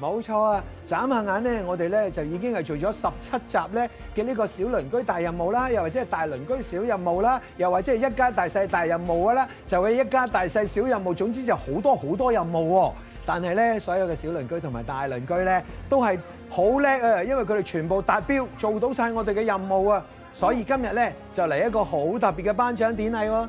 冇錯啊！眨下眼咧，我哋咧就已經係做咗十七集咧嘅呢個小鄰居大任務啦，又或者係大鄰居小任務啦，又或者係一家大細大任務啦，就係一家大細小，小任務。總之就好多好多任務喎！但係咧，所有嘅小鄰居同埋大鄰居咧都係好叻啊，因為佢哋全部達標，做到晒我哋嘅任務啊！所以今日咧就嚟一個好特別嘅頒獎典禮喎。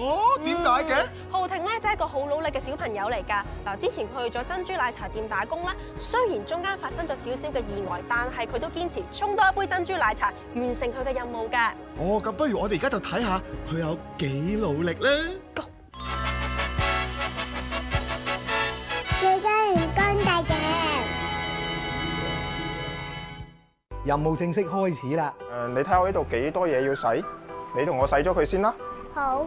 哦，點解嘅？浩庭咧，真係一個好努力嘅小朋友嚟噶。嗱，之前佢去咗珍珠奶茶店打工啦。雖然中間發生咗少少嘅意外，但係佢都堅持沖多一杯珍珠奶茶，完成佢嘅任務嘅。哦，咁不如我哋而家就睇下佢有幾努力啦。最驚干大嘅任務正式開始啦。誒，你睇下我呢度幾多嘢要洗？你同我洗咗佢先啦。好。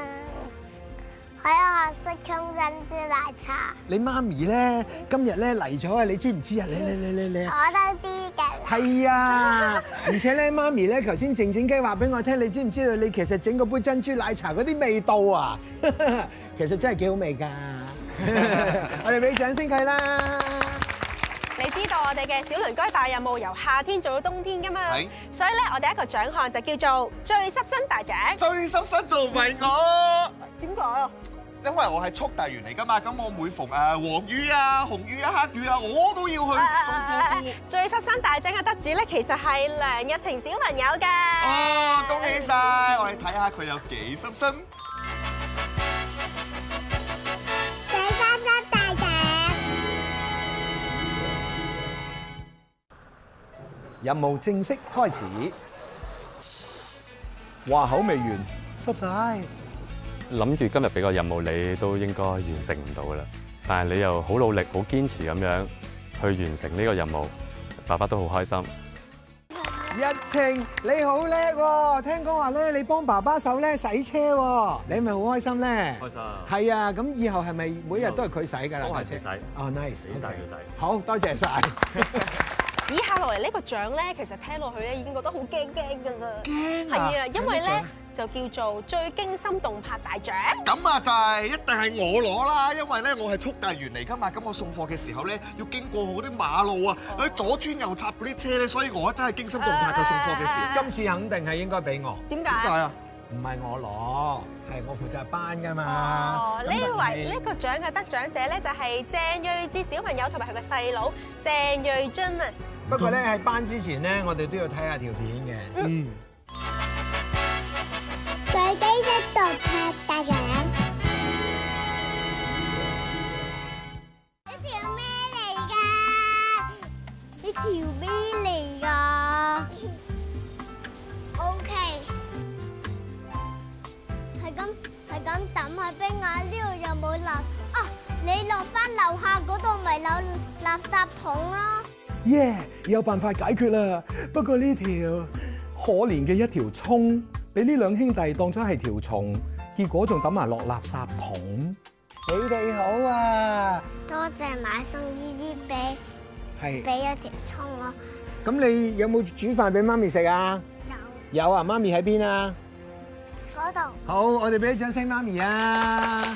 白色沖珍珠奶茶。你媽咪咧今日咧嚟咗啊，你知唔知啊？你你你你你我都知嘅。係啊，而且咧媽咪咧頭先靜靜雞話俾我聽，你知唔知道？你其實整個杯珍珠奶茶嗰啲味道啊，其實真係幾好味噶。我哋俾掌聲計啦。你知道我哋嘅小鄰居大任務由夏天做到冬天噶嘛？係。所以咧，我哋第一個獎項就叫做最濕身大獎。最濕身就係我。點解？因為我係速遞員嚟噶嘛，咁我每逢誒黃魚啊、紅魚啊、黑魚啊，我都要去送貨。最濕身大獎嘅得主咧，其實係梁日晴小朋友嘅。哦，恭喜晒！我哋睇下佢有幾濕身。最濕身大獎，任務正式開始。話口未完，濕晒。諗住今日俾個任務你都應該完成唔到噶啦，但係你又好努力、好堅持咁樣去完成呢個任務，爸爸都好開心。日晴你好叻喎，聽講話咧，你幫爸爸手咧洗車喎，你咪好開心咧？開心。係啊，咁以後係咪每日都係佢洗㗎啦？都係佢洗。哦，nice，洗曬佢洗。好多謝曬。以下落嚟呢個獎咧，其實聽落去咧已經覺得好驚驚㗎啦。驚？係啊！因為咧，就叫做最驚心動魄大獎。咁啊，就係一定係我攞啦，因為咧我係速遞員嚟噶嘛。咁我送貨嘅時候咧，要經過嗰啲馬路啊，左穿右插嗰啲車咧，所以我真係驚心動魄。佢送貨嘅時候，今次肯定係應該俾我。點解？點解啊？唔係我攞，係我負責頒噶嘛。哦，呢位呢個獎嘅得獎者咧，就係鄭瑞智小朋友同埋佢個細佬鄭瑞津啊。不過咧喺頒之前咧，我哋都要睇下條片嘅。嗯。有垃圾桶咯，耶！Yeah，有辦法解決啦。不過呢條可憐嘅一條蔥，俾呢兩兄弟當咗係條蟲，結果仲抌埋落垃圾桶。你哋好啊，多謝買餸呢啲俾，係俾是一條蔥咯。咁你有冇煮飯俾媽咪食啊？有有啊，媽咪喺邊啊？嗰度裡好，我哋俾一掌聲媽咪啊！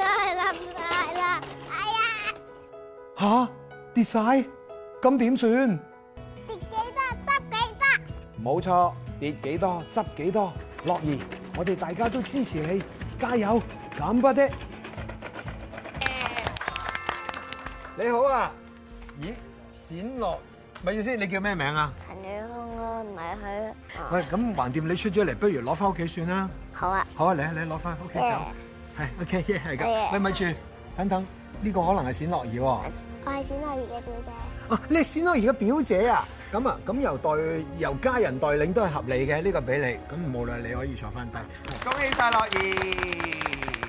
我係冧晒啦！哎呀，吓跌晒，咁點算？跌幾多執幾多？冇錯，跌幾多執幾多？樂兒，我哋大家都支持你，加油！咁不的。你好啊？咦？冼樂，咪住先，你叫咩名啊？陳宇康啊，唔係佢。喂，咁橫掂你出咗嚟，不如攞翻屋企算啦。好啊，好啊，嚟啊嚟，攞翻屋企走。係，OK，係噶。喂，咪住，等等，呢個可能係冼樂兒。我係冼樂兒嘅表姐。哦、啊，你係冼樂兒嘅表姐啊？咁啊、嗯，咁由代由家人代領都係合理嘅，呢個俾你。咁無論你可以坐翻低，恭喜晒樂兒。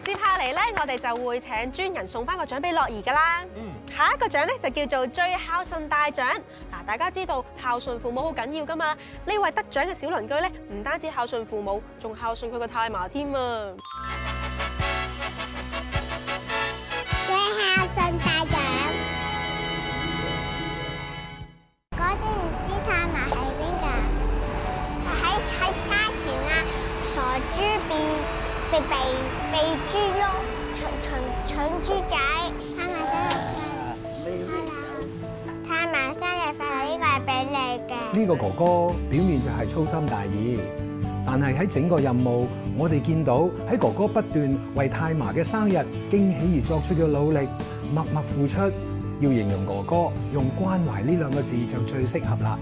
接下嚟咧，我哋就會請專人送翻個獎俾樂兒噶啦。嗯。下一個獎咧就叫做最孝順大獎。嗱，大家知道孝順父母好緊要噶嘛？呢位得獎嘅小鄰居咧，唔單止孝順父母，仲孝順佢個太嫲添啊！呢、這個哥哥表面就係粗心大意，但係喺整個任務，我哋見到喺哥哥不斷為太嫲嘅生日驚喜而作出嘅努力，默默付出。要形容哥哥，用關懷呢兩個字就最適合啦。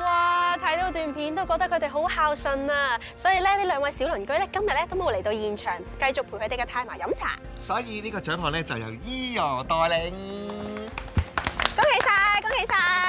哇！睇到段片都覺得佢哋好孝順啊！所以咧，呢兩位小鄰居咧今日咧都冇嚟到現場，繼續陪佢哋嘅太嫲飲茶。所以呢個獎項咧就由伊若代領恭。恭喜晒！恭喜晒！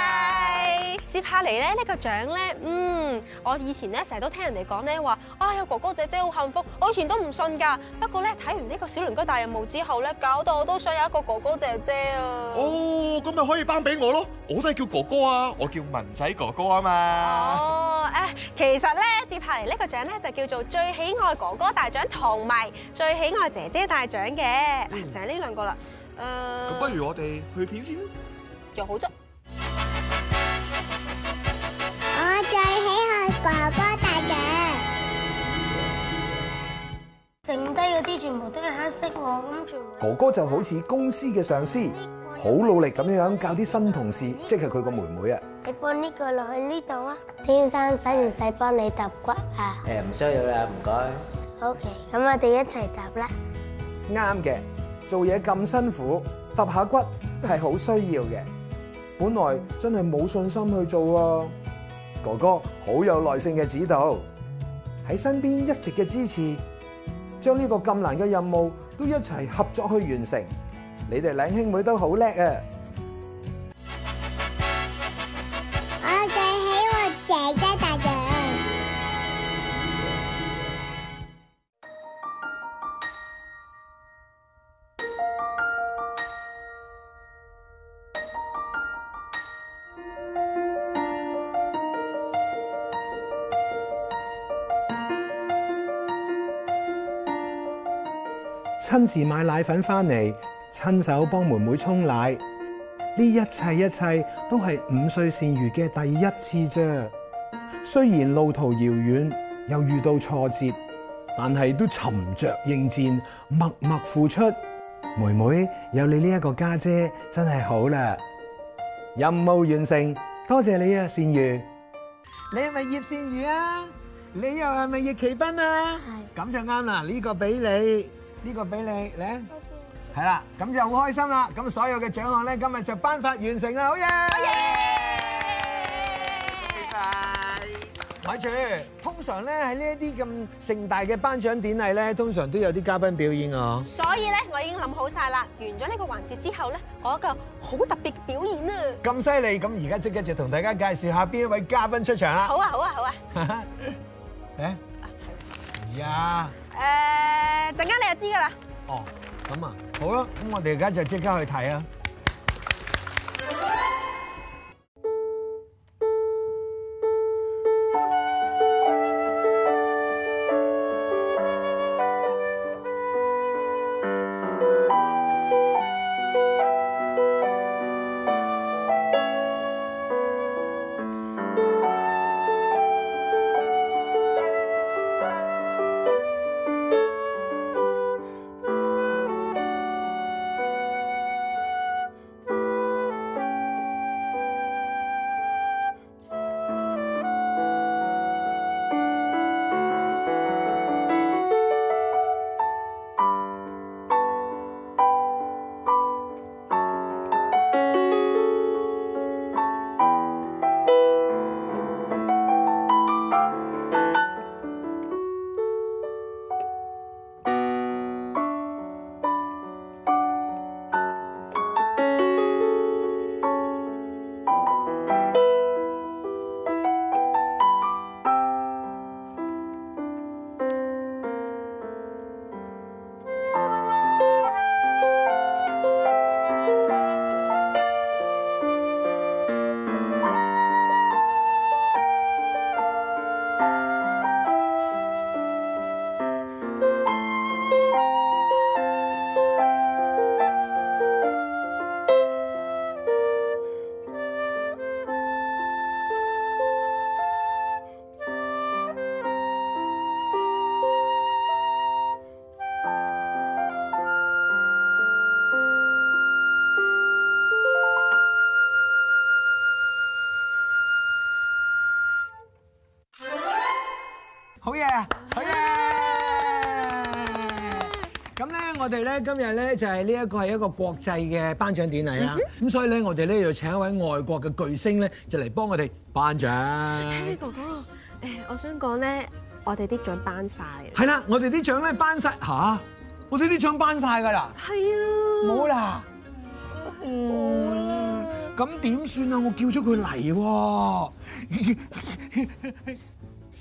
接下嚟咧，呢、這個獎咧，嗯，我以前咧成日都聽人哋講咧話，啊，有哥哥姐姐好幸福，我以前都唔信噶。不過咧睇完呢個小鄰居大任務之後咧，搞到我都想有一個哥哥姐姐啊。哦，咁咪可以頒俾我咯，我都係叫哥哥啊，我叫文仔哥哥啊嘛。哦，誒，其實咧接下嚟呢個獎咧就叫做最喜愛哥哥大獎同埋最喜愛姐姐大獎嘅，嗱，就係呢兩個啦。誒，咁不如我哋去片先啦，又好足。哥哥大嘅，剩低嗰啲全部都係黑色喎，咁就哥哥就好似公司嘅上司，好努力咁樣樣教啲新同事，即係佢個妹妹啊。你放呢個落去呢度啊。先生，使唔使幫你揼骨啊？誒，唔需要啦，唔該。OK，咁我哋一齊揼啦。啱嘅，做嘢咁辛苦，揼下骨係好需要嘅。本來真係冇信心去做啊。哥哥好有耐性嘅指導，喺身邊一直嘅支持，將呢個咁難嘅任務都一齊合作去完成。你哋兩兄妹都好叻啊！親自買奶粉翻嚟，親手幫妹妹沖奶，呢一切一切都係五歲善如嘅第一次啫。雖然路途遙遠，又遇到挫折，但係都沉着應戰，默默付出。妹妹有你呢一個家姐，姐真係好啦。任務完成，多謝，謝你啊，善如。你係咪葉善如啊？你又係咪葉奇斌啊？係咁、嗯、就啱啦，呢、這個俾你。呢個俾你，嚟的，係啦，咁就好開心啦！咁所有嘅獎項咧，今日就頒發完成啦，好嘢！好嘢！恭喜！咪住，通常咧，喺呢一啲咁盛大嘅頒獎典禮咧，通常都有啲嘉賓表演嘅、啊、所以咧，我已經諗好晒啦。完咗呢個環節之後咧，我有一個好特別嘅表演啊！咁犀利，咁而家即刻就同大家介紹下邊一位嘉賓出場啦！好啊，好啊，好啊！咩？呀！誒、呃，陣間你就知㗎喇。哦，咁啊，好啦，咁我哋而家就即刻去睇啊。我哋咧今日咧就係呢一個係一個國際嘅頒獎典禮啦，咁所以咧我哋咧要請一位外國嘅巨星咧就嚟幫我哋頒獎。哥哥，誒，我想講咧，我哋啲獎頒晒，係啦，我哋啲獎咧頒晒，吓！我哋啲獎頒晒㗎啦。係啊，冇啦，冇啦，咁點算啊？我叫咗佢嚟喎。